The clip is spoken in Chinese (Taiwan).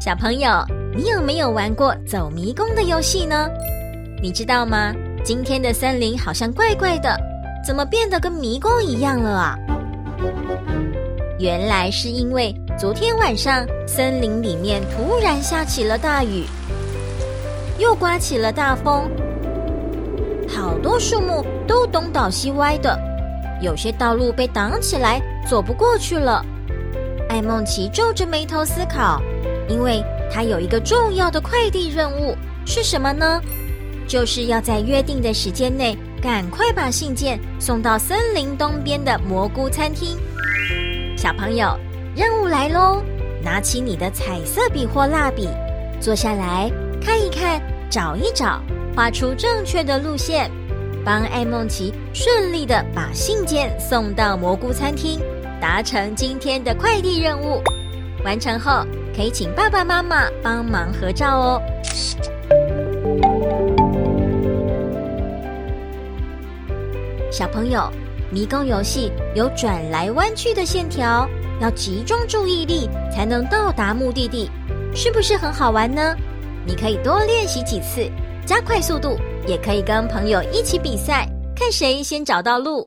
小朋友，你有沒有玩過走迷宮的遊戲呢？你知道嗎？今天的森林好像怪怪的，怎麼變得跟迷宮一樣了啊？原來是因為昨天晚上森林裡面突然下起了大雨，又颳起了大風，好多樹木都東倒西歪的，有些道路被擋起來，走不過去了。艾夢琪皺着眉頭思考。因為他有一個重要的快遞任務，是什麼呢？就是要在約定的時間內趕快把信件送到森林東邊的蘑菇餐廳。小朋友，任務來嘍！拿起你的彩色筆或蠟筆，坐下來看一看，找一找，畫出正確的路線，幫愛孟奇順利的把信件送到蘑菇餐廳，達成今天的快遞任務。完成後。可以請爸爸媽媽幫忙合照哦。小朋友，迷宮遊戲有轉來彎去的線條，要集中注意力才能到達目的地，是不是很好玩呢？你可以多練習幾次，加快速度，也可以跟朋友一起比賽，看誰先找到路。